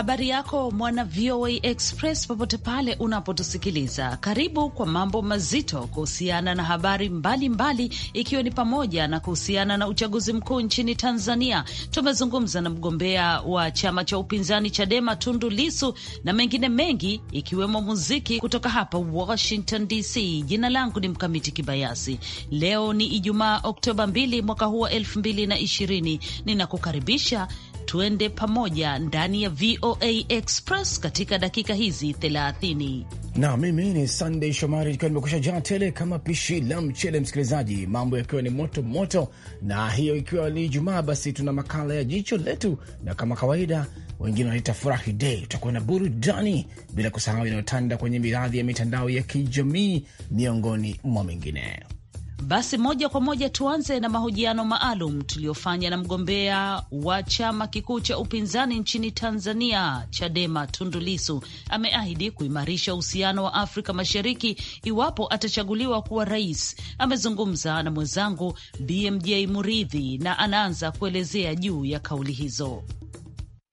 Habari yako mwana VOA Express, popote pale unapotusikiliza, karibu kwa mambo mazito kuhusiana na habari mbalimbali, ikiwa ni pamoja na kuhusiana na uchaguzi mkuu nchini Tanzania. Tumezungumza na mgombea wa chama cha upinzani Chadema Tundu Lisu na mengine mengi, ikiwemo muziki kutoka hapa Washington DC. Jina langu ni Mkamiti Kibayasi. Leo ni Ijumaa, Oktoba 2 mwaka huu wa 2020. Ninakukaribisha tuende pamoja ndani ya VOA Express katika dakika hizi 30. Na mimi ni Sunday Shomari, ikiwa nimekusha jaa tele kama pishi la mchele, msikilizaji, mambo yakiwa ni moto moto, na hiyo ikiwa ni Ijumaa, basi tuna makala ya jicho letu, na kama kawaida wengine wanaita furahi dei, tutakuwa na burudani, bila kusahau inayotanda kwenye miradhi ya mitandao ya kijamii, miongoni mwa mengineo. Basi moja kwa moja tuanze na mahojiano maalum tuliyofanya na mgombea wa chama kikuu cha upinzani nchini Tanzania, Chadema, Tundulisu. Ameahidi kuimarisha uhusiano wa Afrika Mashariki iwapo atachaguliwa kuwa rais. Amezungumza na mwenzangu BMJ Muridhi na anaanza kuelezea juu ya kauli hizo.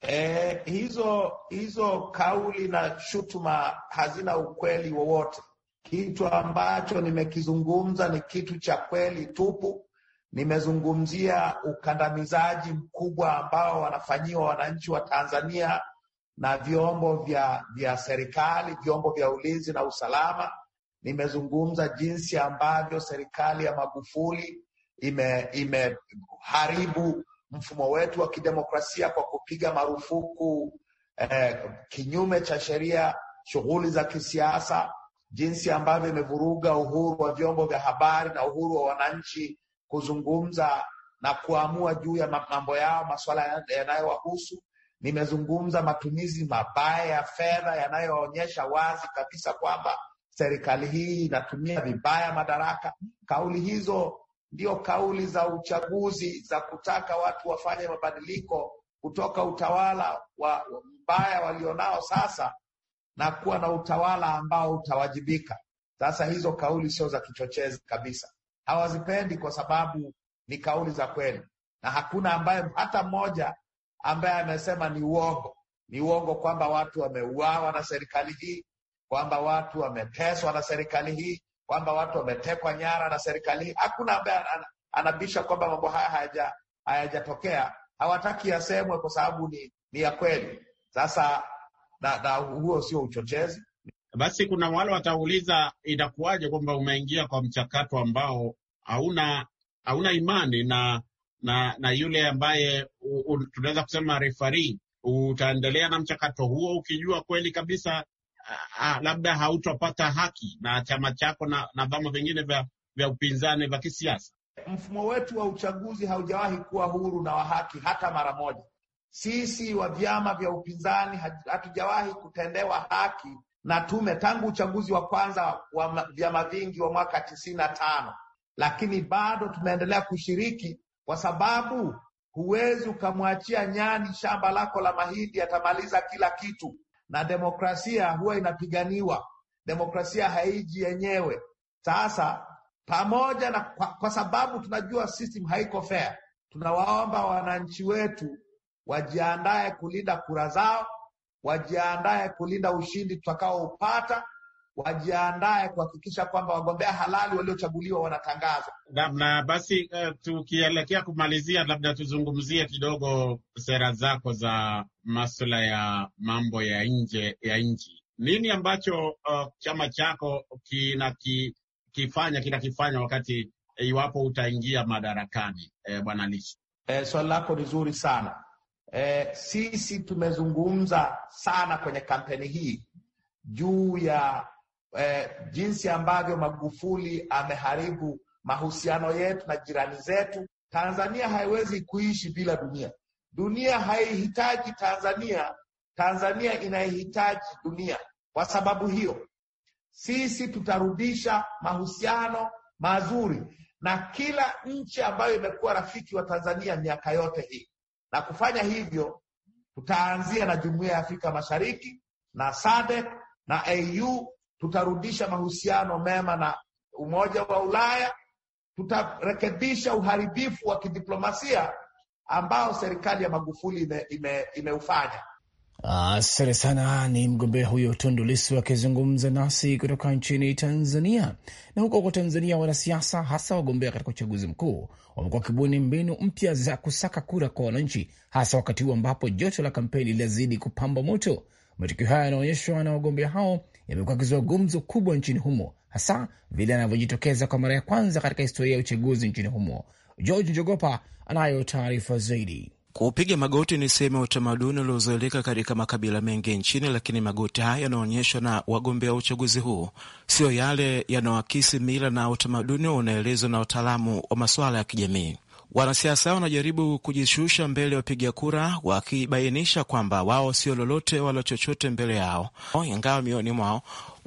Eh, hizo hizo kauli na shutuma hazina ukweli wowote kitu ambacho nimekizungumza ni kitu cha kweli tupu. Nimezungumzia ukandamizaji mkubwa ambao wanafanyiwa wananchi wa Tanzania na vyombo vya, vya serikali, vyombo vya ulinzi na usalama. Nimezungumza jinsi ambavyo serikali ya Magufuli imeharibu ime mfumo wetu wa kidemokrasia kwa kupiga marufuku eh, kinyume cha sheria shughuli za kisiasa jinsi ambavyo imevuruga uhuru wa vyombo vya habari na uhuru wa wananchi kuzungumza na kuamua juu ya mambo yao, masuala yanayowahusu. Nimezungumza matumizi mabaya ya fedha yanayoonyesha wazi kabisa kwamba serikali hii inatumia vibaya madaraka. Kauli hizo ndio kauli za uchaguzi za kutaka watu wafanye mabadiliko kutoka utawala wa mbaya walionao sasa na kuwa na utawala ambao utawajibika. Sasa hizo kauli sio za kichochezi kabisa, hawazipendi kwa sababu ni kauli za kweli, na hakuna ambaye hata mmoja ambaye amesema ni uongo, ni uongo kwamba watu wameuawa na serikali hii, kwamba watu wameteswa na serikali hii, kwamba watu wametekwa nyara na serikali hii. Hakuna ambaye anabisha kwamba mambo haya hayajatokea. Hawataki yasemwe kwa sababu ni, ni ya kweli. Sasa na, na huo sio uchochezi. Basi kuna wale watauliza inakuwaje kwamba umeingia kwa mchakato ambao hauna hauna imani na na na yule ambaye tunaweza kusema refari, utaendelea na mchakato huo ukijua kweli kabisa a, labda hautopata haki na chama chako na, na vyama vingine vya, vya upinzani vya kisiasa. Mfumo wetu wa uchaguzi haujawahi kuwa huru na wa haki hata mara moja. Sisi wa vyama vya upinzani hatujawahi kutendewa haki na tume tangu uchaguzi wa kwanza wa vyama vingi wa mwaka tisini na tano, lakini bado tumeendelea kushiriki kwa sababu huwezi ukamwachia nyani shamba lako la mahindi, atamaliza kila kitu. Na demokrasia huwa inapiganiwa, demokrasia haiji yenyewe. Sasa pamoja na kwa, kwa sababu tunajua system haiko fair, tunawaomba wananchi wetu wajiandae kulinda kura zao, wajiandae kulinda ushindi tutakaoupata, wajiandae kuhakikisha kwamba wagombea halali waliochaguliwa wanatangazwa. Na basi uh, tukielekea kumalizia, labda tuzungumzie kidogo sera zako za masuala ya mambo ya nje ya nchi. Nini ambacho uh, chama chako kinakifanya kinakifanya wakati iwapo utaingia madarakani? Eh, bwana Lissu, eh, swali lako ni zuri sana eh, sisi tumezungumza sana kwenye kampeni hii juu ya eh, jinsi ambavyo Magufuli ameharibu mahusiano yetu na jirani zetu. Tanzania haiwezi kuishi bila dunia. Dunia haihitaji Tanzania, Tanzania inaihitaji dunia. Kwa sababu hiyo, sisi tutarudisha mahusiano mazuri na kila nchi ambayo imekuwa rafiki wa Tanzania miaka yote hii na kufanya hivyo tutaanzia na Jumuiya ya Afrika Mashariki na SADC na AU. Tutarudisha mahusiano mema na Umoja wa Ulaya. Tutarekebisha uharibifu wa kidiplomasia ambao serikali ya Magufuli imeufanya ime, ime Asante sana. Ni mgombea huyo Tundu Lissu akizungumza nasi kutoka nchini Tanzania. Na huko huko Tanzania, wanasiasa hasa wagombea katika uchaguzi mkuu wamekuwa wakibuni mbinu mpya za kusaka kura kwa wananchi, hasa wakati huu ambapo joto la kampeni linazidi kupamba moto. Matukio haya yanaonyeshwa na wagombea hao yamekuwa akizua gumzo kubwa nchini humo, hasa vile anavyojitokeza kwa mara ya kwanza katika historia ya uchaguzi nchini humo. George Njogopa anayo taarifa zaidi. Kupiga magoti ni sehemu ya utamaduni uliozoeleka katika makabila mengi nchini, lakini magoti haya yanaonyeshwa na wagombea wa uchaguzi huu siyo yale yanayoakisi mila na utamaduni unaelezwa na wataalamu wa masuala ya kijamii. Wanasiasa wanajaribu kujishusha mbele ya wapiga kura, wakibainisha kwamba wao sio lolote wala chochote mbele yao, ingawa mioni mwao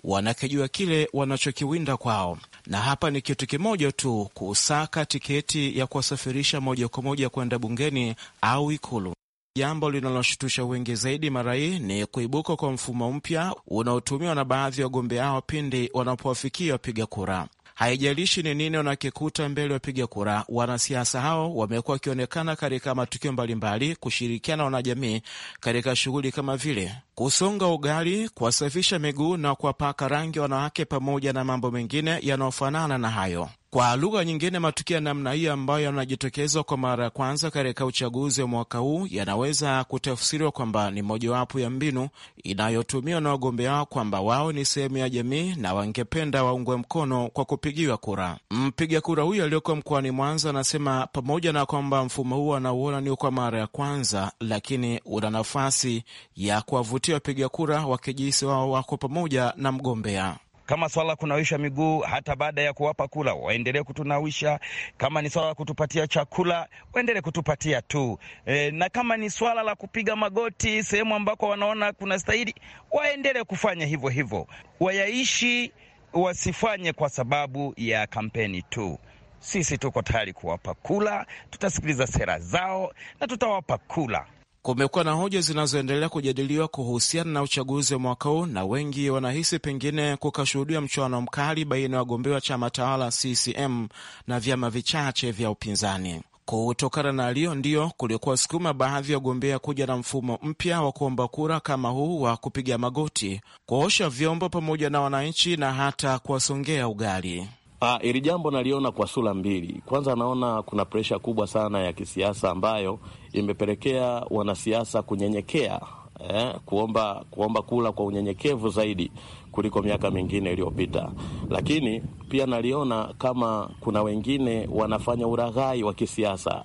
wanakijua kile wanachokiwinda kwao, na hapa ni kitu kimoja tu, kusaka tiketi ya kuwasafirisha moja kwa moja kwenda bungeni au Ikulu. Jambo linaloshutusha wengi zaidi mara hii ni kuibuka kwa mfumo mpya unaotumiwa na baadhi ya wagombea hao pindi wanapowafikia wapiga kura. Haijalishi ni nini wanakikuta mbele wapiga kura, wanasiasa hao wamekuwa wakionekana katika matukio mbalimbali kushirikiana na wanajamii katika shughuli kama vile kusonga ugali, kuwasafisha miguu na kuwapaka rangi wanawake, pamoja na mambo mengine yanayofanana na hayo. Kwa lugha nyingine, matukio ya namna hiyo ambayo yanajitokeza kwa mara ya kwanza katika uchaguzi wa mwaka huu yanaweza kutafsiriwa kwamba ni mojawapo ya mbinu inayotumiwa na wagombea kwamba wao ni sehemu ya jamii na wangependa waungwe mkono kwa kupigiwa kura. Mpiga kura huyo aliyoko mkoani Mwanza anasema pamoja na kwamba mfumo huo anauona ni kwa mara ya kwanza, lakini una nafasi ya kuwavutia wapiga kura wakijihisi wao wako pamoja na mgombea. Kama swala kunawisha miguu, hata baada ya kuwapa kula, waendelee kutunawisha. Kama ni swala la kutupatia chakula, waendelee kutupatia tu e, na kama ni swala la kupiga magoti sehemu ambako wanaona kuna stahili, waendelee kufanya hivyo hivyo, wayaishi, wasifanye kwa sababu ya kampeni tu. Sisi tuko tayari kuwapa kula, tutasikiliza sera zao na tutawapa kula. Kumekuwa na hoja zinazoendelea kujadiliwa kuhusiana na uchaguzi wa mwaka huu, na wengi wanahisi pengine kukashuhudia mchuano mkali baina ya wagombea wa chama tawala CCM na vyama vichache vya upinzani. Kutokana na aliyo ndiyo kuliokuwa sukuma baadhi ya wagombea kuja na mfumo mpya wa kuomba kura kama huu wa kupiga magoti, kuosha vyombo pamoja na wananchi na hata kuwasongea ugali. Ah, hili jambo naliona kwa sura mbili. Kwanza, naona kuna presha kubwa sana ya kisiasa ambayo imepelekea wanasiasa kunyenyekea, eh, kuomba, kuomba kula kwa unyenyekevu zaidi kuliko miaka mingine iliyopita, lakini pia naliona kama kuna wengine wanafanya uraghai wa kisiasa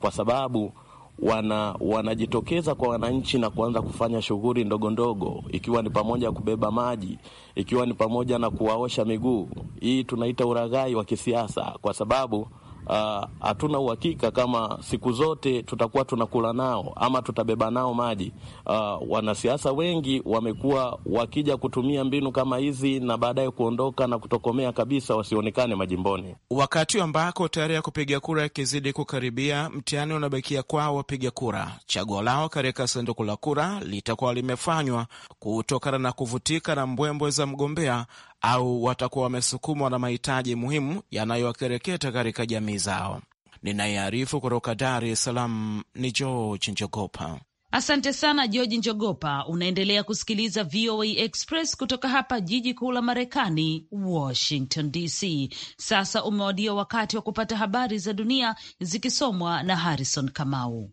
kwa sababu wana wanajitokeza kwa wananchi na kuanza kufanya shughuli ndogo ndogo, ikiwa ni pamoja kubeba maji, ikiwa ni pamoja na kuwaosha miguu. Hii tunaita uraghai wa kisiasa, kwa sababu Ah, hatuna uh, uhakika kama siku zote tutakuwa tunakula nao ama tutabeba nao maji. Uh, wanasiasa wengi wamekuwa wakija kutumia mbinu kama hizi na baadaye kuondoka na kutokomea kabisa, wasionekane majimboni. Wakati ambako tayari ya kupiga kura ikizidi kukaribia, mtihani unabakia kwao wapiga kura. Chaguo lao katika sanduku la kura litakuwa limefanywa kutokana na kuvutika na mbwembwe za mgombea au watakuwa wamesukumwa na mahitaji muhimu yanayowakereketa katika jamii zao. Ninayearifu kutoka Dar es Salaam ni George Njogopa. Asante sana George Njogopa. Unaendelea kusikiliza VOA Express kutoka hapa jiji kuu la Marekani, Washington DC. Sasa umewadia wakati wa kupata habari za dunia zikisomwa na Harrison Kamau.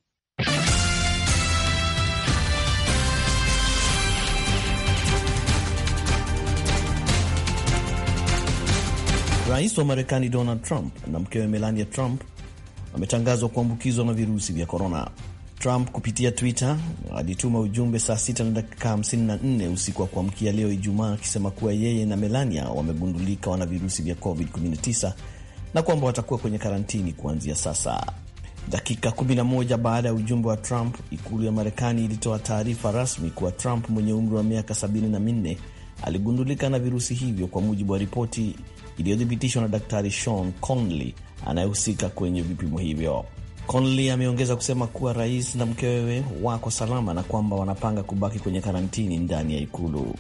Rais wa Marekani Donald Trump na mkewe Melania Trump wametangazwa kuambukizwa na virusi vya korona. Trump kupitia Twitter alituma ujumbe saa 6 na dakika 54 usiku wa kuamkia leo Ijumaa, akisema kuwa yeye na Melania wamegundulika wana virusi vya COVID-19 na kwamba watakuwa kwenye karantini kuanzia sasa. Dakika 11 baada ya ujumbe wa Trump, ikulu ya Marekani ilitoa taarifa rasmi kuwa Trump mwenye umri wa miaka 74 aligundulika na virusi hivyo, kwa mujibu wa ripoti iliyothibitishwa na Daktari Sean Conley anayehusika kwenye vipimo hivyo. Conley ameongeza kusema kuwa rais na mkewe wako salama na kwamba wanapanga kubaki kwenye karantini ndani ya ikulu.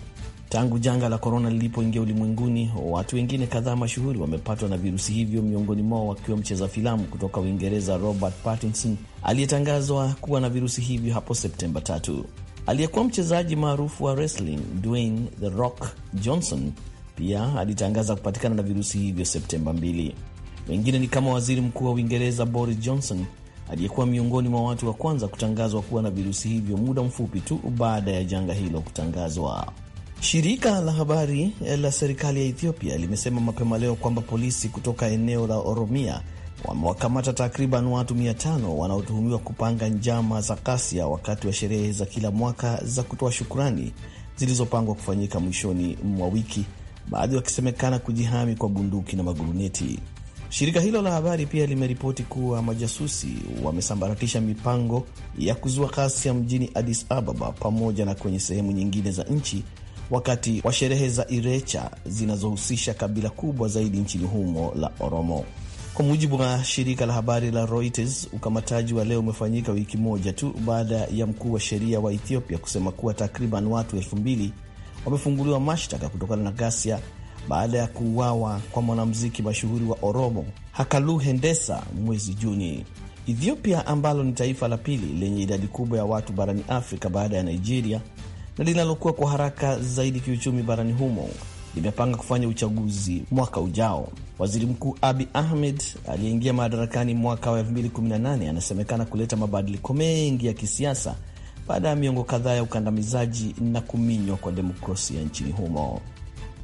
Tangu janga la korona lilipoingia ulimwenguni, watu wengine kadhaa mashuhuri wamepatwa na virusi hivyo, miongoni mwao wakiwa mcheza filamu kutoka Uingereza Robert Pattinson aliyetangazwa kuwa na virusi hivyo hapo Septemba tatu. Aliyekuwa mchezaji maarufu wa wrestling Dwayne The Rock Johnson pia alitangaza kupatikana na virusi hivyo Septemba 2. Wengine ni kama waziri mkuu wa Uingereza Boris Johnson aliyekuwa miongoni mwa watu wa kwanza kutangazwa kuwa na virusi hivyo muda mfupi tu baada ya janga hilo kutangazwa. Shirika la habari la serikali ya Ethiopia limesema mapema leo kwamba polisi kutoka eneo la Oromia wamewakamata takriban watu 500 wanaotuhumiwa kupanga njama za ghasia wakati wa sherehe za kila mwaka za kutoa shukurani zilizopangwa kufanyika mwishoni mwa wiki baadhi wakisemekana kujihami kwa bunduki na maguruneti. Shirika hilo la habari pia limeripoti kuwa majasusi wamesambaratisha mipango ya kuzua ghasia mjini Addis Ababa pamoja na kwenye sehemu nyingine za nchi wakati wa sherehe za Irecha zinazohusisha kabila kubwa zaidi nchini humo la Oromo. Kwa mujibu wa shirika la habari la Reuters, ukamataji wa leo umefanyika wiki moja tu baada ya mkuu wa sheria wa Ethiopia kusema kuwa takriban watu elfu mbili wamefunguliwa mashtaka kutokana na ghasia baada ya kuuawa kwa mwanamuziki mashuhuri wa Oromo Hakalu Hendesa mwezi Juni. Ethiopia ambalo ni taifa la pili lenye idadi kubwa ya watu barani Afrika baada ya Nigeria na linalokuwa kwa haraka zaidi kiuchumi barani humo limepanga kufanya uchaguzi mwaka ujao. Waziri Mkuu Abi Ahmed aliyeingia madarakani mwaka wa 2018 anasemekana kuleta mabadiliko mengi ya kisiasa baada ya miongo kadhaa ya ukandamizaji na kuminywa kwa demokrasia nchini humo.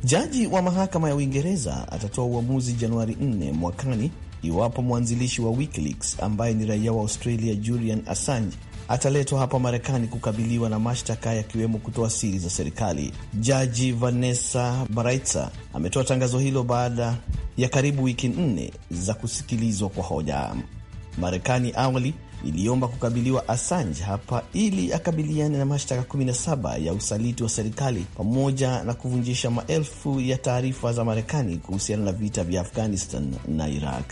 Jaji wa mahakama ya Uingereza atatoa uamuzi Januari 4 mwakani iwapo mwanzilishi wa WikiLeaks ambaye ni raia wa Australia Julian Assange ataletwa hapa Marekani kukabiliwa na mashtaka yakiwemo kutoa siri za serikali. Jaji Vanessa baraitsa ametoa tangazo hilo baada ya karibu wiki nne za kusikilizwa kwa hoja. Marekani awali iliomba kukabiliwa Assange hapa ili akabiliane na mashtaka 17 ya usaliti wa serikali pamoja na kuvunjisha maelfu ya taarifa za Marekani kuhusiana na vita vya Afghanistan na Iraq.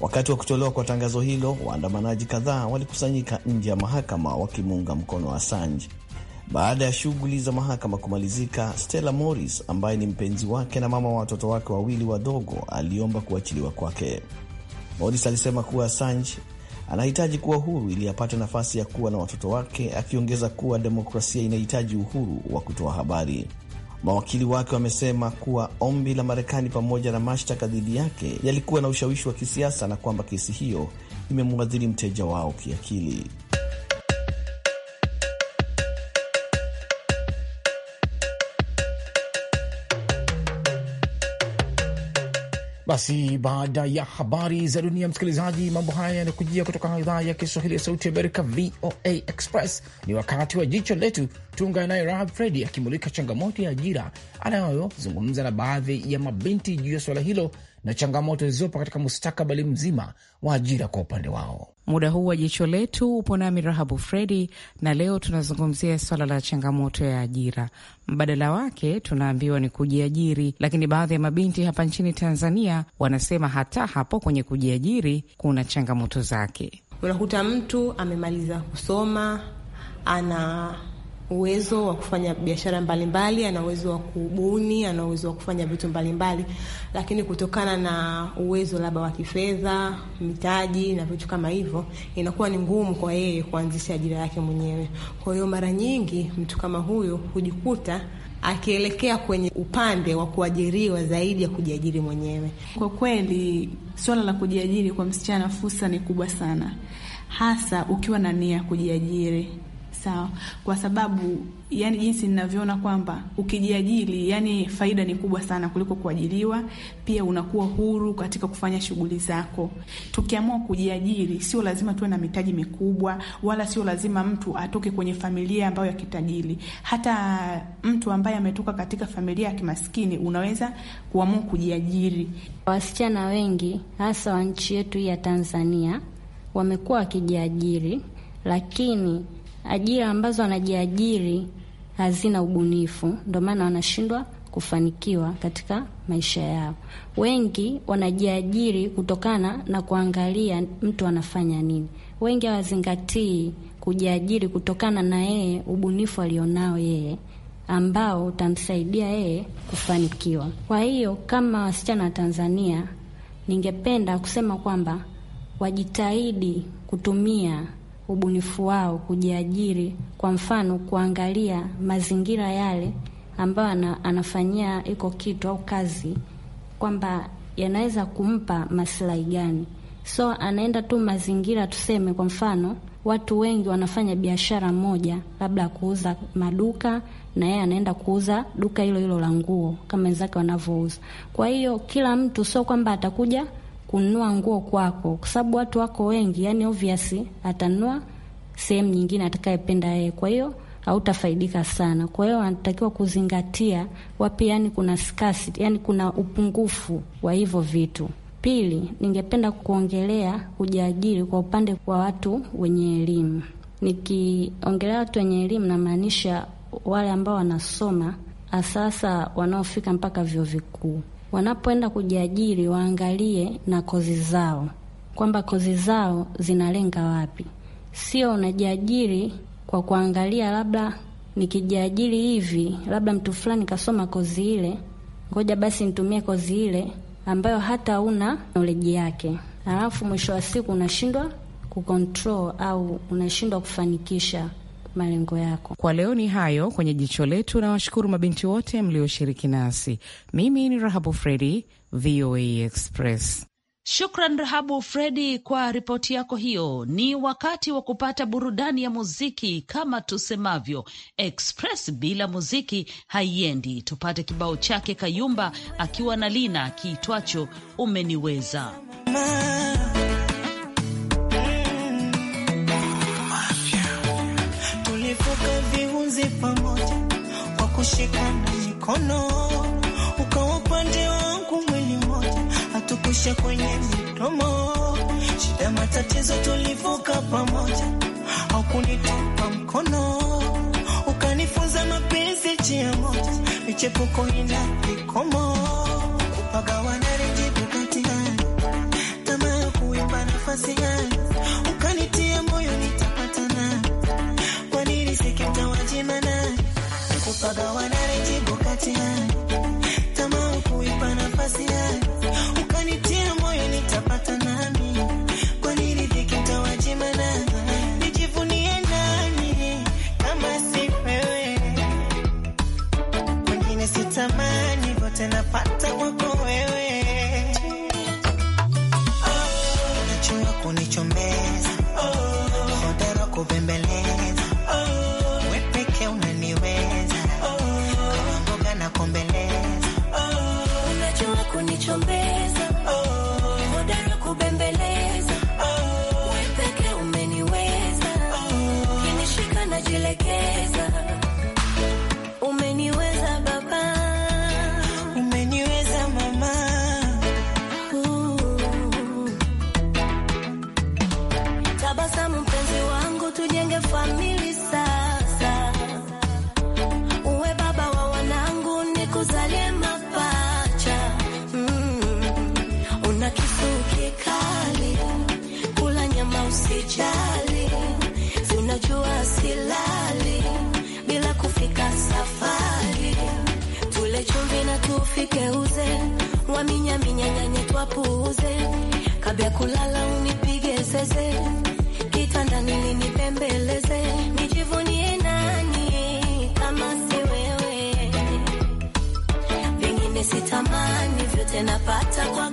Wakati wa kutolewa kwa tangazo hilo, waandamanaji kadhaa walikusanyika nje ya mahakama wakimuunga mkono Assange. Baada ya shughuli za mahakama kumalizika, Stella Morris ambaye ni mpenzi wake na mama wa watoto wake wawili wadogo aliomba kuachiliwa kwake. Morris alisema kuwa Assange anahitaji kuwa huru ili apate nafasi ya kuwa na watoto wake, akiongeza kuwa demokrasia inahitaji uhuru wa kutoa habari. Mawakili wake wamesema kuwa ombi la Marekani pamoja na mashtaka dhidi yake yalikuwa na ushawishi wa kisiasa na kwamba kesi hiyo imemwadhiri mteja wao kiakili. Basi baada ya habari za dunia, msikilizaji, mambo haya yanakujia kutoka idhaa ya Kiswahili ya Sauti Amerika, VOA Express. Ni wakati wa jicho letu. tunga naye Rahab Fredi akimulika changamoto ya ajira anayozungumza na baadhi ya mabinti juu ya suala hilo na changamoto zilizopo katika mustakabali mzima wa ajira kwa upande wao. Muda huu wa jicho letu upo nami Rahabu Fredi, na leo tunazungumzia swala la changamoto ya ajira. Mbadala wake tunaambiwa ni kujiajiri, lakini baadhi ya mabinti hapa nchini Tanzania wanasema hata hapo kwenye kujiajiri kuna changamoto zake. Unakuta mtu amemaliza kusoma ana uwezo wa kufanya biashara mbalimbali, ana uwezo wa kubuni, ana uwezo wa kufanya vitu mbalimbali, lakini kutokana na uwezo labda wa kifedha, mitaji na vitu kama hivyo, inakuwa ni ngumu kwa yeye kuanzisha ajira yake mwenyewe. Kwa hiyo mara nyingi mtu kama huyu hujikuta akielekea kwenye upande wa kuajiriwa zaidi ya kujiajiri mwenyewe. Kwa kweli, suala la kujiajiri kwa msichana, fursa ni kubwa sana, hasa ukiwa na nia ya kujiajiri sawa, kwa sababu yani jinsi ninavyoona kwamba ukijiajiri, yani faida ni kubwa sana kuliko kuajiriwa. Pia unakuwa huru katika kufanya shughuli zako. Tukiamua kujiajiri, sio lazima tuwe na mitaji mikubwa, wala sio lazima mtu atoke kwenye familia ambayo ya kitajiri. Hata mtu ambaye ametoka katika familia ya kimaskini unaweza kuamua kujiajiri. Wasichana wengi hasa wa nchi yetu hii ya Tanzania wamekuwa wakijiajiri, lakini ajira ambazo wanajiajiri hazina ubunifu, ndio maana wanashindwa kufanikiwa katika maisha yao. Wengi wanajiajiri kutokana na kuangalia mtu anafanya nini. Wengi hawazingatii kujiajiri kutokana na yeye ubunifu alionao yeye ambao utamsaidia yeye kufanikiwa. Kwa hiyo kama wasichana wa Tanzania, ningependa kusema kwamba wajitahidi kutumia ubunifu wao, kujiajiri. Kwa mfano, kuangalia mazingira yale ambayo anafanyia iko kitu au kazi, kwamba yanaweza kumpa maslahi gani. So anaenda tu mazingira, tuseme kwa mfano watu wengi wanafanya biashara moja, labda kuuza maduka, na yeye anaenda kuuza duka hilo hilo la nguo kama wenzake wanavyouza. Kwa hiyo kila mtu sio kwamba atakuja kununua nguo kwako, kwa sababu watu wako wengi, yani obvious atanua sehemu nyingine atakayependa yeye, kwa hiyo hautafaidika sana. Kwa hiyo anatakiwa kuzingatia wapi, yani kuna scarcity, yani kuna upungufu wa hivyo vitu. Pili, ningependa kuongelea kujiajiri kwa upande wa watu wenye elimu. Nikiongelea watu wenye elimu, namaanisha wale ambao wanasoma asasa wanaofika mpaka vyuo vikuu wanapoenda kujiajiri waangalie na kozi zao, kwamba kozi zao zinalenga wapi. Sio unajiajiri kwa kuangalia, labda nikijiajiri hivi, labda mtu fulani kasoma kozi ile, ngoja basi nitumie kozi ile ambayo hata una noleji yake, alafu mwisho wa siku unashindwa kukontrol au unashindwa kufanikisha malengo yako. Kwa leo ni hayo kwenye jicho letu, na washukuru mabinti wote mlioshiriki nasi. Mimi ni Rahabu Fredi, VOA Express. Shukran Rahabu Fredi kwa ripoti yako hiyo. Ni wakati wa kupata burudani ya muziki. Kama tusemavyo, Express bila muziki haiendi. Tupate kibao chake Kayumba akiwa na Lina kiitwacho Umeniweza Mama. mkono ukawa upande wangu, mwili mmoja hatukwisha kwenye midomo, shida matatizo tulivuka pamoja, haukunitupa mkono ukanifunza mapenzi njia moja, michepuko ina vikomo ukanitia moyo nitapatana, kwa nini sikitawajimana kupagawana tonight. wapuuze, kabla kulala unipige zeze, kitandani ninipembeleze, nijivunie nani kama si wewe? Vingine sitamani vyote napata kwa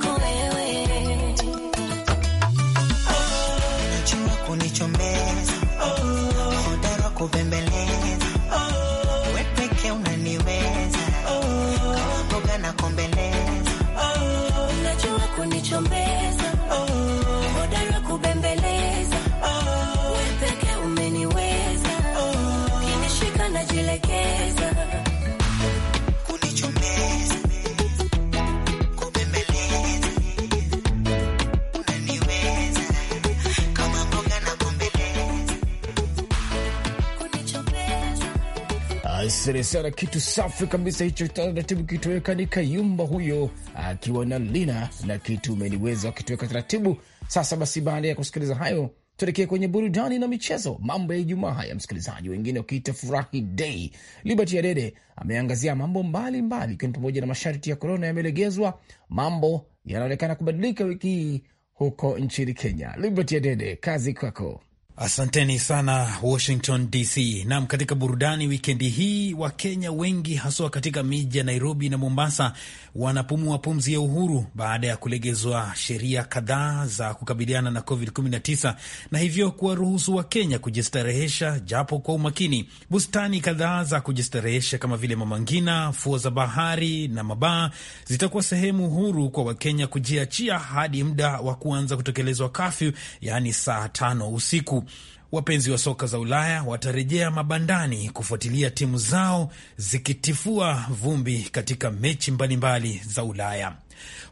Asante sana, kitu safi kabisa hicho taratibu kitoweka ni Kayumba huyo akiwa na Lina na kitu umeniweza wakitoweka taratibu. Sasa basi, baada ya kusikiliza hayo, tuelekee kwenye burudani na michezo, mambo ya Ijumaa haya, msikilizaji, wengine wakiita furahi dei. Liberty Adede ameangazia mambo mbalimbali, ikiwa ni pamoja na masharti ya korona yamelegezwa, mambo yanaonekana kubadilika wiki hii huko nchini Kenya. Liberty Adede, kazi kwako. Asanteni sana Washington DC. Naam, katika burudani wikendi hii, Wakenya wengi haswa katika miji ya Nairobi na Mombasa wanapumua pumzi ya uhuru baada ya kulegezwa sheria kadhaa za kukabiliana na COVID-19 na hivyo kuwaruhusu Wakenya kujistarehesha japo kwa umakini. Bustani kadhaa za kujistarehesha kama vile Mama Ngina, fuo za bahari na mabaa zitakuwa sehemu huru kwa Wakenya kujiachia hadi muda wa kuanza kutekelezwa kafyu, yaani saa tano usiku. Wapenzi wa soka za Ulaya watarejea mabandani kufuatilia timu zao zikitifua vumbi katika mechi mbalimbali mbali za Ulaya.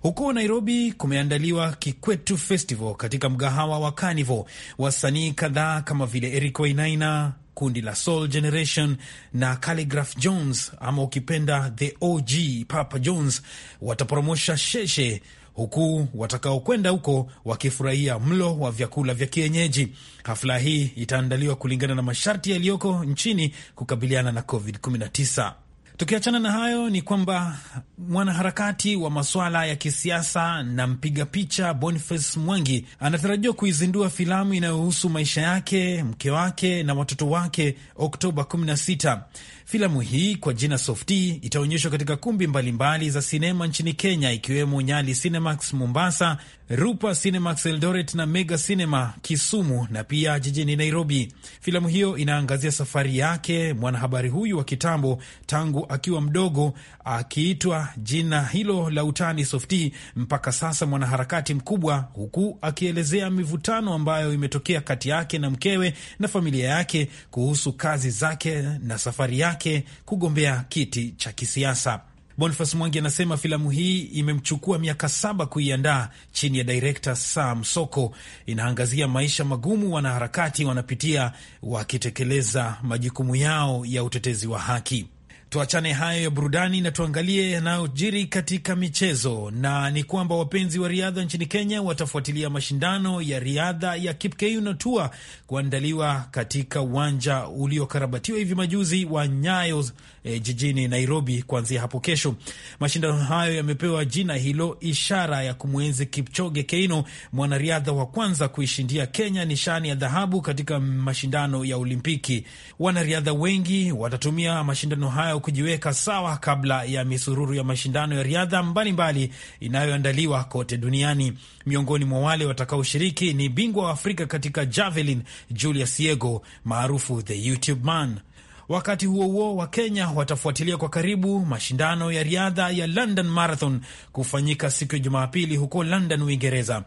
Huko Nairobi kumeandaliwa Kikwetu Festival katika mgahawa wa Carnival. Wasanii kadhaa kama vile Eric Wainaina, kundi la Soul Generation na Calligraph Jones ama ukipenda the OG Papa Jones watapromosha sheshe huku watakaokwenda huko wakifurahia mlo wa vyakula vya kienyeji. Hafla hii itaandaliwa kulingana na masharti yaliyoko nchini kukabiliana na COVID-19. Tukiachana na hayo ni kwamba mwanaharakati wa masuala ya kisiasa na mpiga picha Boniface Mwangi anatarajiwa kuizindua filamu inayohusu maisha yake, mke wake na watoto wake Oktoba 16. Filamu hii kwa jina Softie itaonyeshwa katika kumbi mbalimbali mbali za sinema nchini Kenya, ikiwemo Nyali Cinemax Mombasa, Rupa Cinemax Eldoret na Mega Cinema Kisumu na pia jijini Nairobi. Filamu hiyo inaangazia safari yake mwanahabari huyu wa kitambo tangu akiwa mdogo akiitwa jina hilo la utani Softie mpaka sasa mwanaharakati mkubwa, huku akielezea mivutano ambayo imetokea kati yake na mkewe na familia yake kuhusu kazi zake na safari yake yake kugombea kiti cha kisiasa. Boniface Mwangi anasema filamu hii imemchukua miaka saba kuiandaa chini ya direkta Sam Soko. Inaangazia maisha magumu wanaharakati wanapitia wakitekeleza majukumu yao ya utetezi wa haki. Tuachane hayo ya burudani na tuangalie yanayojiri katika michezo, na ni kwamba wapenzi wa riadha nchini Kenya watafuatilia mashindano ya riadha ya Kipkeino Tour kuandaliwa katika uwanja uliokarabatiwa hivi majuzi wa Nyayo e, jijini Nairobi kuanzia hapo kesho. Mashindano hayo yamepewa jina hilo ishara ya kumwenzi Kipchoge Keino, mwanariadha wa kwanza kuishindia Kenya nishani ya dhahabu katika mashindano ya Olimpiki. Wanariadha wengi watatumia mashindano hayo kujiweka sawa kabla ya misururu ya mashindano ya riadha mbalimbali inayoandaliwa kote duniani. Miongoni mwa wale watakaoshiriki ni bingwa wa Afrika katika javelin Julius Yego maarufu the YouTube Man. Wakati huo huo, Wakenya watafuatilia kwa karibu mashindano ya riadha ya London Marathon kufanyika siku ya Jumapili huko London, Uingereza.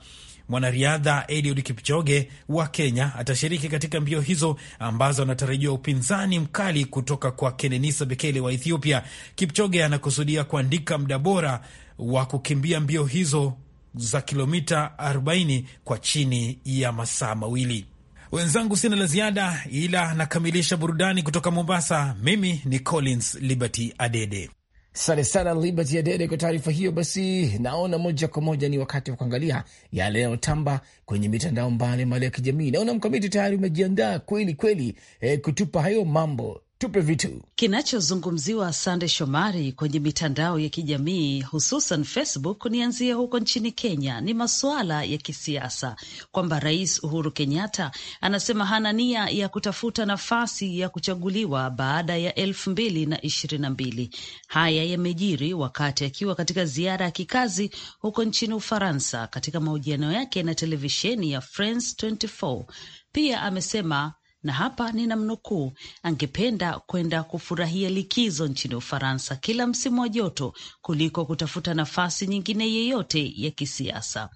Mwanariadha Eliud Kipchoge wa Kenya atashiriki katika mbio hizo ambazo anatarajiwa upinzani mkali kutoka kwa Kenenisa Bekele wa Ethiopia. Kipchoge anakusudia kuandika muda bora wa kukimbia mbio hizo za kilomita 40 kwa chini ya masaa mawili. Wenzangu, sina la ziada, ila nakamilisha burudani kutoka Mombasa. Mimi ni Collins Liberty Adede. sante sana Liberty Adede kwa taarifa hiyo. Basi naona moja kwa moja ni wakati wa kuangalia yale yanayotamba kwenye mitandao mbalimbali ya kijamii. Naona Mkamiti tayari umejiandaa kweli kweli, eh, kutupa hayo mambo tupe vitu kinachozungumziwa. Sande Shomari, kwenye mitandao ya kijamii hususan Facebook, nianzie huko nchini Kenya, ni masuala ya kisiasa, kwamba Rais Uhuru Kenyatta anasema hana nia ya kutafuta nafasi ya kuchaguliwa baada ya elfu mbili na ishirini na mbili. Haya yamejiri wakati akiwa katika ziara ya kikazi huko nchini Ufaransa, katika mahojiano yake na televisheni ya France 24. Pia amesema na hapa nina mnukuu, angependa kwenda kufurahia likizo nchini Ufaransa kila msimu wa joto kuliko kutafuta nafasi nyingine yeyote ya kisiasa.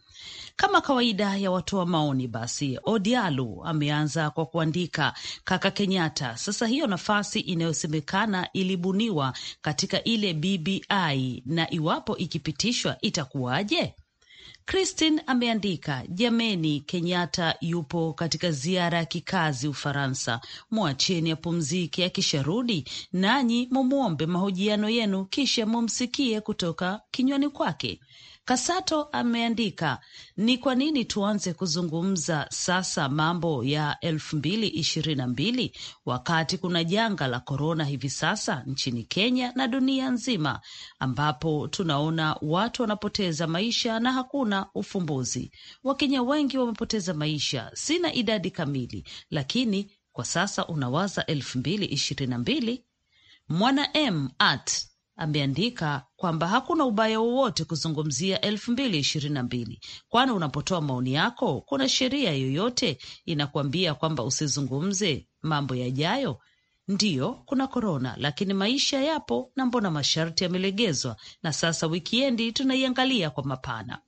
Kama kawaida ya watoa maoni, basi Odialu ameanza kwa kuandika, kaka Kenyatta, sasa hiyo nafasi inayosemekana ilibuniwa katika ile BBI na iwapo ikipitishwa itakuwaje? Christine ameandika, jameni, Kenyatta yupo katika ziara ya kikazi Ufaransa, mwacheni apumzike, akisharudi nanyi mumwombe mahojiano yenu, kisha mumsikie kutoka kinywani kwake. Kasato ameandika ni kwa nini tuanze kuzungumza sasa mambo ya elfu mbili ishirini na mbili wakati kuna janga la korona hivi sasa nchini Kenya na dunia nzima, ambapo tunaona watu wanapoteza maisha na hakuna ufumbuzi. Wakenya wengi wamepoteza maisha, sina idadi kamili, lakini kwa sasa unawaza elfu mbili ishirini na mbili. Mwana m at ameandika kwamba hakuna ubaya wowote kuzungumzia elfu mbili ishirini na mbili kwani unapotoa maoni yako, kuna sheria yoyote inakuambia kwamba usizungumze mambo yajayo? Ndiyo, kuna korona, lakini maisha yapo, na mbona masharti yamelegezwa, na sasa wikiendi tunaiangalia kwa mapana.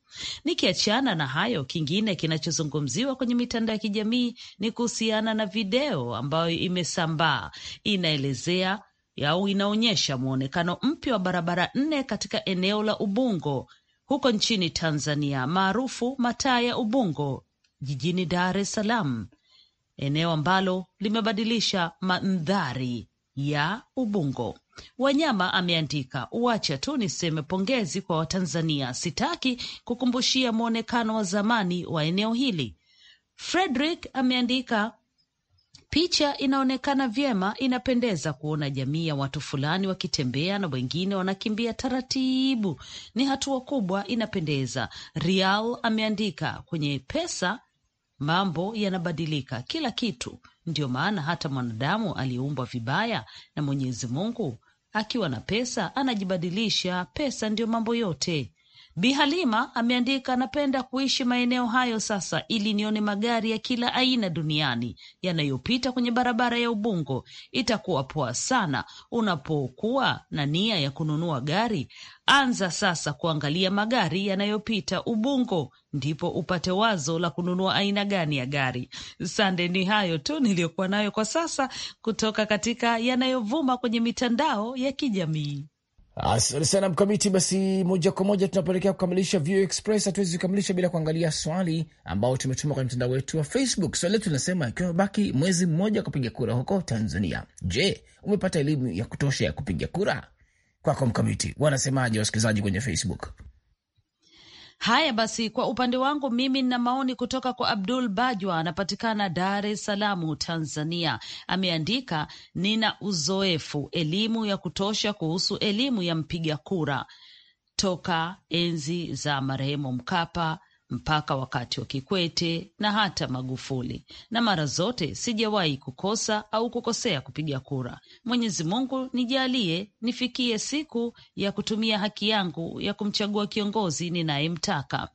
Nikiachana na hayo, kingine kinachozungumziwa kwenye mitandao ya kijamii ni kuhusiana na video ambayo imesambaa inaelezea au inaonyesha mwonekano mpya wa barabara nne katika eneo la Ubungo huko nchini Tanzania, maarufu mataa ya Ubungo jijini Dar es Salaam, eneo ambalo limebadilisha mandhari ya Ubungo. Wanyama ameandika, uacha tu niseme pongezi kwa Watanzania, sitaki kukumbushia mwonekano wa zamani wa eneo hili. Frederick ameandika Picha inaonekana vyema, inapendeza kuona jamii ya watu fulani wakitembea na wengine wanakimbia taratibu. Ni hatua kubwa, inapendeza. Rial ameandika kwenye pesa, mambo yanabadilika, kila kitu. Ndiyo maana hata mwanadamu aliyeumbwa vibaya na Mwenyezi Mungu akiwa na pesa anajibadilisha. Pesa ndiyo mambo yote. Bi Halima ameandika, napenda kuishi maeneo hayo sasa, ili nione magari ya kila aina duniani yanayopita kwenye barabara ya Ubungo. Itakuwa poa sana unapokuwa na nia ya kununua gari. Anza sasa kuangalia magari yanayopita Ubungo, ndipo upate wazo la kununua aina gani ya gari. Sande, ni hayo tu niliyokuwa nayo kwa sasa kutoka katika yanayovuma kwenye mitandao ya kijamii. Asante sana Mkamiti. Basi moja kwa moja tunapoelekea kukamilisha VOA Express, hatuwezi kukamilisha bila kuangalia swali ambao tumetuma kwenye mtandao wetu wa Facebook. Swali letu linasema, ikiwa mabaki mwezi mmoja kupiga kura huko Tanzania, je, umepata elimu ya kutosha ya kupiga kura? Kwako Mkamiti, wanasemaje wasikilizaji kwenye Facebook? Haya basi, kwa upande wangu mimi nina maoni kutoka kwa Abdul Bajwa, anapatikana Dar es Salaam, Tanzania. Ameandika, nina uzoefu elimu ya kutosha kuhusu elimu ya mpiga kura toka enzi za marehemu Mkapa mpaka wakati wa Kikwete na hata Magufuli, na mara zote sijawahi kukosa au kukosea kupiga kura. Mwenyezi Mungu nijalie nifikie siku ya kutumia haki yangu ya kumchagua kiongozi ninayemtaka.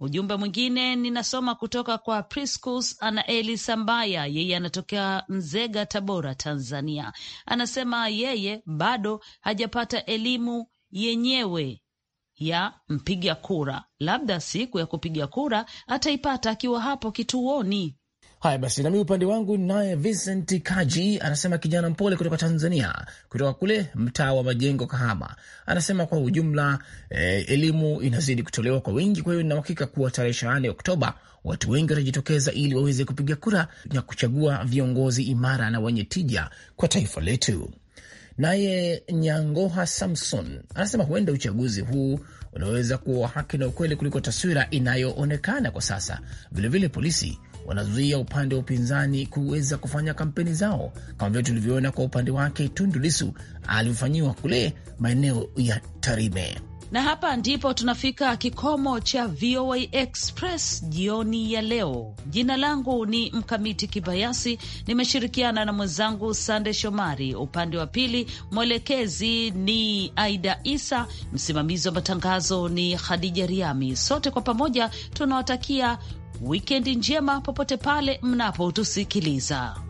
Ujumbe mwingine ninasoma kutoka kwa Priscus Anaeli Sambaya, yeye anatokea Nzega, Tabora, Tanzania. Anasema yeye bado hajapata elimu yenyewe ya mpiga kura, labda siku ya kupiga kura ataipata akiwa hapo kituoni. Haya basi, nami upande wangu naye Vincent Kaji anasema kijana mpole kutoka Tanzania, kutoka kule mtaa wa Majengo, Kahama, anasema kwa ujumla eh, elimu inazidi kutolewa kwa wingi. Kwa hiyo uhakika kuwa tarehe 28 Oktoba watu wengi watajitokeza ili waweze kupiga kura na kuchagua viongozi imara na wenye tija kwa taifa letu. Naye Nyangoha Samson anasema huenda uchaguzi huu unaweza kuwa wa haki na ukweli kuliko taswira inayoonekana kwa sasa. Vilevile polisi wanazuia upande wa upinzani kuweza kufanya kampeni zao kama vile tulivyoona kwa upande wake Tundu Lisu alivyofanyiwa kule maeneo ya Tarime na hapa ndipo tunafika kikomo cha VOA Express jioni ya leo. Jina langu ni Mkamiti Kibayasi, nimeshirikiana na mwenzangu Sande Shomari. Upande wa pili mwelekezi ni Aida Isa, msimamizi wa matangazo ni Khadija Riami. Sote kwa pamoja tunawatakia wikendi njema popote pale mnapotusikiliza.